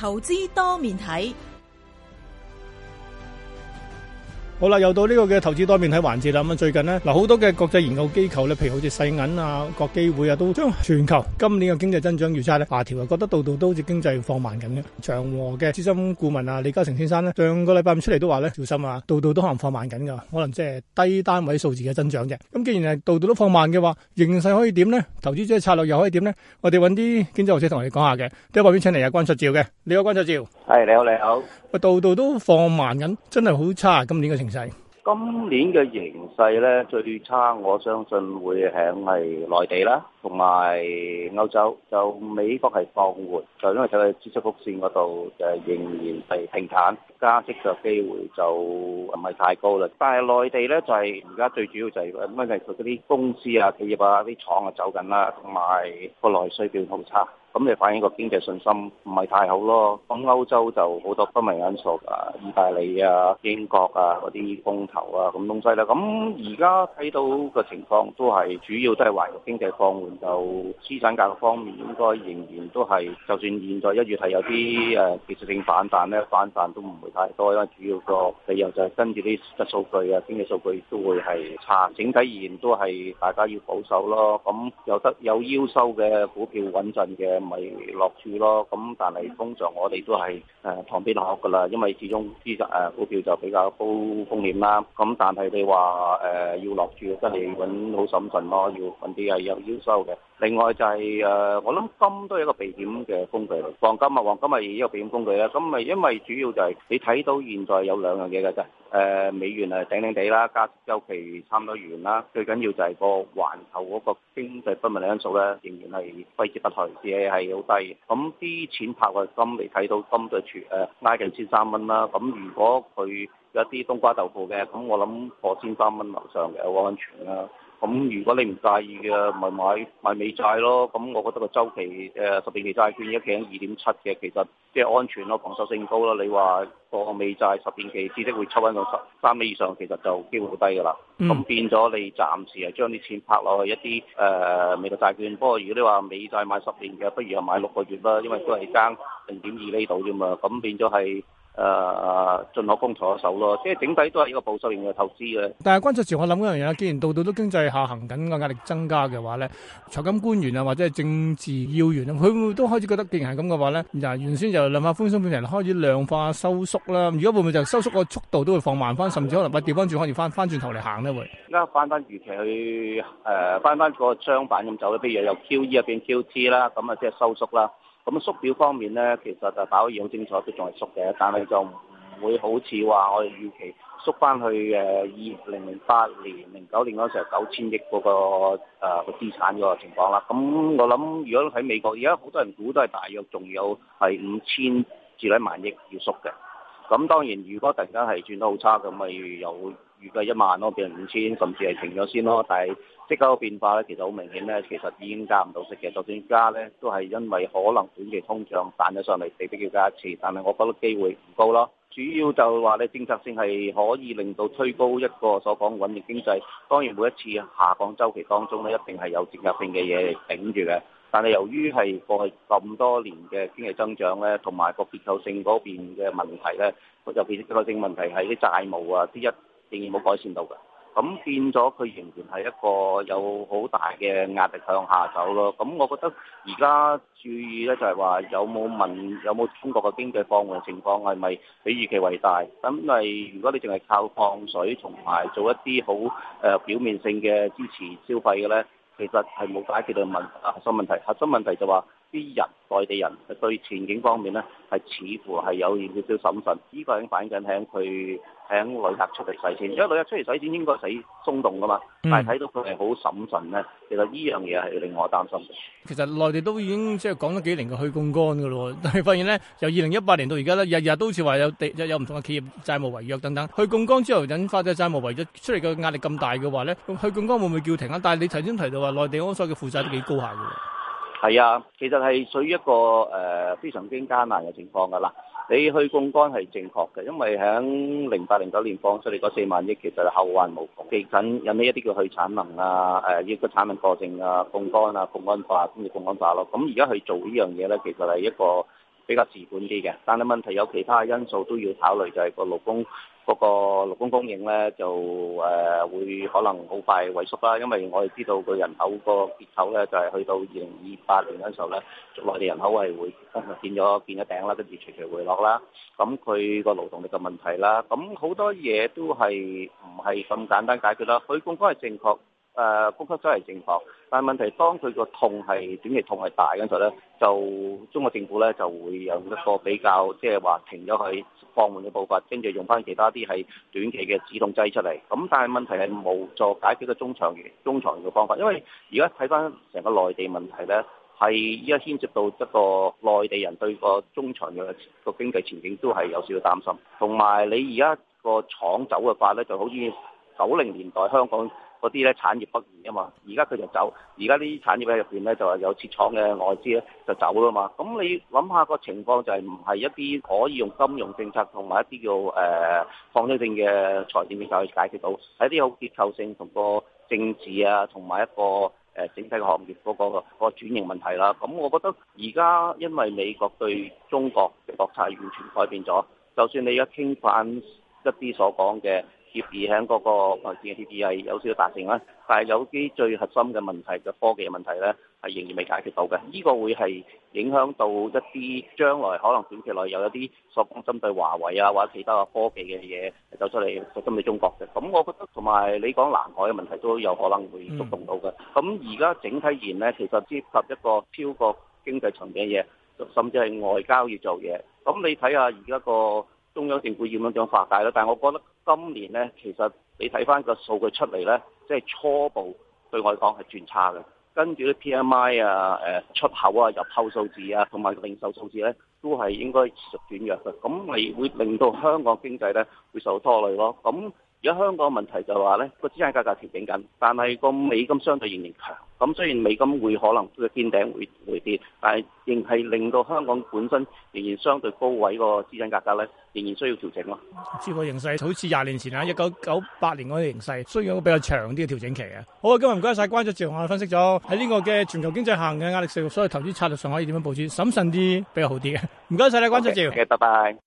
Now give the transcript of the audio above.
投資多面睇。好啦，又到呢個嘅投資多面睇環節啦。咁啊，最近呢，嗱，好多嘅國際研究機構咧，譬如好似世銀啊、國基會啊，都將全球今年嘅經濟增長預測咧下調啊，條覺得度度都好似經濟放慢緊嘅。長和嘅資深顧問啊，李嘉誠先生咧，上個禮拜五出嚟都話咧，小心啊，度度都可能放慢緊噶，可能即係低單位數字嘅增長嘅。咁既然係度度都放慢嘅話，形勢可以點呢？投資者策略又可以點呢？我哋揾啲經濟學者同我哋講下嘅。喺外邊請嚟有關焯照嘅，你好，關焯照。係你好，你好。喂，度度都放慢緊，真係好差，今年嘅情。今年嘅形勢咧，最差，我相信會響係內地啦，同埋歐洲，就美國係放緩，就因為睇佢支出曲線嗰度就仍然係平坦。加息嘅機會就唔係太高啦，但係內地咧就係而家最主要就係乜嘢？佢嗰啲公司啊、企業啊、啲廠啊走緊啦，同埋個內需變好差，咁你反映個經濟信心唔係太好咯。咁歐洲就好多不明因素啊，意大利啊、英國啊嗰啲風頭啊咁東西啦、啊。咁而家睇到嘅情況都係主要都係環球經濟放緩，就資產價嘅方面應該仍然都係，就算現在一月係有啲誒、啊、技術性反彈咧，反彈都唔會太多，因為主要個理由就係跟住啲嘅數據啊、經濟數據都會係差，整體而言都係大家要保守咯。咁有得有腰收嘅股票穩陣嘅，咪落注咯。咁但係通常我哋都係誒旁邊落噶啦，因為始終資產誒股票就比較高風險啦。咁但係你話誒要落注，真係揾好審慎咯，要揾啲係有腰收嘅。另外就係誒，我諗金都係一個避險嘅工具嚟，黃金啊，黃金係一個避險工具啦。咁咪因為主要就係你。睇到現在有兩樣嘢嘅啫，誒、呃、美元係頂頂地啦，加息周期差唔多完啦，最緊要就係個環球嗰個經濟不穩定因素咧，仍然係揮之不去，市氣係好低嘅。咁啲錢拍嘅金嚟睇到金就全誒，挨近千三蚊啦。咁如果佢有一啲冬瓜豆腐嘅，咁我諗過千三蚊樓上嘅好安全啦。咁如果你唔介意嘅，咪買買美債咯。咁我覺得個周期誒、呃、十年期債券而家企喺二點七嘅，其實即係安全咯，防守性高咯。你話個美債十年期資息會抽翻到十三美以上，其實就機會好低㗎啦。咁、mm. 變咗你暫時係將啲錢拍落去一啲誒、呃、美國債券。不過如果你話美債買十年嘅，不如係買六個月啦，因為都係爭零點二厘度啫嘛。咁變咗係。誒、啊、進可攻退可守咯，即係整體都係一個保守型嘅投資嘅。但係關焯照，我諗一樣嘢，既然到度都經濟下行緊，個壓力增加嘅話咧，財金官員啊，或者係政治要員佢會唔會都開始覺得既然係咁嘅話咧？嗱，原先就量化寬鬆變成開始量化收縮啦。如果會唔會就收縮個速度都會放慢翻，甚至可能咪調翻轉，可以翻翻轉頭嚟行咧會。而家翻翻預期去誒，翻、呃、翻個雙板咁走咧，譬如由 QE 入邊 QT 啦，咁啊即係收縮啦。咁、嗯、縮表方面咧，其實就戴威已好清楚，都仲係縮嘅，但係就唔會好似話我哋預期縮翻去誒二零零八年、零九年嗰時候九千億嗰、那個誒個、呃、資產嘅情況啦。咁、嗯、我諗，如果喺美國，而家好多人估都係大約仲有係五千至到兩萬億要縮嘅。咁、嗯、當然，如果突然間係轉得好差咁咪又預計一萬咯，變成五千，甚至係停咗先咯。但係即刻嘅變化咧，其實好明顯咧，其實已經加唔到息嘅。就算加咧，都係因為可能短期通脹彈咗上嚟，被迫要加一次。但係我覺得機會唔高咯。主要就話咧，政策性係可以令到推高一個所講穩定經濟。當然每一次下降周期當中咧，一定係有政策性嘅嘢嚟頂住嘅。但係由於係過去咁多年嘅經濟增長咧，同埋個結構性嗰邊嘅問題咧，尤其是結構性問題係啲債務啊啲一。仍然冇改善到嘅，咁變咗佢仍然係一個有好大嘅壓力向下走咯。咁我覺得而家注意咧，就係話有冇問有冇中國嘅經濟放緩情況係咪比預期為大？咁係如果你淨係靠放水同埋做一啲好誒表面性嘅支持消費嘅咧，其實係冇解決到問核心問題。核心問題就話。啲人，內地人對前景方面咧，係似乎係有少少審慎。呢、這個影反映緊喺佢喺旅客出嚟使錢，因為旅客出嚟使錢應該使鬆動噶嘛，但係睇到佢係好審慎咧。其實呢樣嘢係令我擔心。嘅、嗯。其實內地都已經即係講咗幾年嘅去槓桿嘅咯，但係發現咧，由二零一八年到而家咧，日日都似話有地有唔同嘅企業債務違約等等。去槓桿之後引發嘅債務違約出嚟嘅壓力咁大嘅話咧，咁去槓桿會唔會叫停啊？但係你頭先提到話內地公司嘅負債都幾高下嘅。係啊，其實係屬於一個誒非常之艱難嘅情況噶啦。你去槓桿係正確嘅，因為響零八零九年放出嚟嗰四萬億，其實係後患無窮，記緊引起一啲叫去產能啊，誒、呃、要個產能過剩啊，槓桿啊，槓桿化，工業槓桿化咯。咁而家去做呢樣嘢咧，其實係一個比較自管啲嘅，但係問題有其他因素都要考慮，就係、是、個勞工。嗰個勞工供應咧就誒、呃、會可能好快萎縮啦，因為我哋知道個人口個結構咧就係、是、去到二零二八年嗰時候咧，內地人口係會見咗見咗頂啦，跟住徐徐回落啦。咁佢個勞動力嘅問題啦，咁好多嘢都係唔係咁簡單解決啦。佢冠峯係正確。誒呼吸都係正常，但係問題當佢個痛係短期痛係大嘅時候咧，就中國政府咧就會有一個比較，即係話停咗佢放緩嘅步伐，跟住用翻其他啲係短期嘅止痛劑出嚟。咁但係問題係無助解決個中長期中長遠嘅方法，因為而家睇翻成個內地問題咧，係依家牽涉到一個內地人對個中長嘅個經濟前景都係有少少擔心，同埋你而家個廠走嘅話咧就好似九零年代香港。嗰啲咧產業不現啊嘛，而家佢就走，而家啲產業喺入邊咧就係有設廠嘅外資咧就走啦嘛，咁你諗下個情況就係唔係一啲可以用金融政策同埋一啲叫誒放鬆性嘅財政政策去解決到，係一啲好結構性同個政治啊，同埋一個誒整體個行業嗰個、個轉型問題啦，咁我覺得而家因為美國對中國嘅國策完全改變咗，就算你而家傾翻一啲所講嘅。協議喺嗰個誒嘅協議係有少少達成啦，但係有啲最核心嘅問題就科技嘅問題咧，係仍然未解決到嘅。呢個會係影響到一啲將來可能短期內有一啲所講針對華為啊或者其他嘅科技嘅嘢走出嚟針對中國嘅。咁我覺得同埋你講南海嘅問題都有可能會觸動到嘅。咁而家整體而言咧，其實涉及一個超過經濟層面嘅嘢，甚至係外交要做嘢。咁你睇下而家個。中央政府要點樣化解咧？但係我覺得今年咧，其實你睇翻個數據出嚟咧，即係初步對我嚟講係轉差嘅。跟住啲 PMI 啊、誒出口啊、入口數字啊，同埋零售數字咧，都係應該持續轉弱嘅。咁係會令到香港經濟咧會受到拖累咯。咁而家香港問題就係話咧，個資產價格調整緊，但係個美金相對仍然強。咁雖然美金會可能嘅見頂會回跌，但係仍係令到香港本身仍然相對高位個資產價格咧，仍然需要調整咯。資本形勢好似廿年前啊，一九九八年嗰啲形勢，需要一個比較長啲嘅調整期嘅。好啊，今日唔該晒，關焯照，我哋分析咗喺呢個嘅全球經濟行嘅壓力下，所以投資策略上可以點樣部署？審慎啲比較好啲嘅。唔該晒，你關焯照。好嘅，拜拜。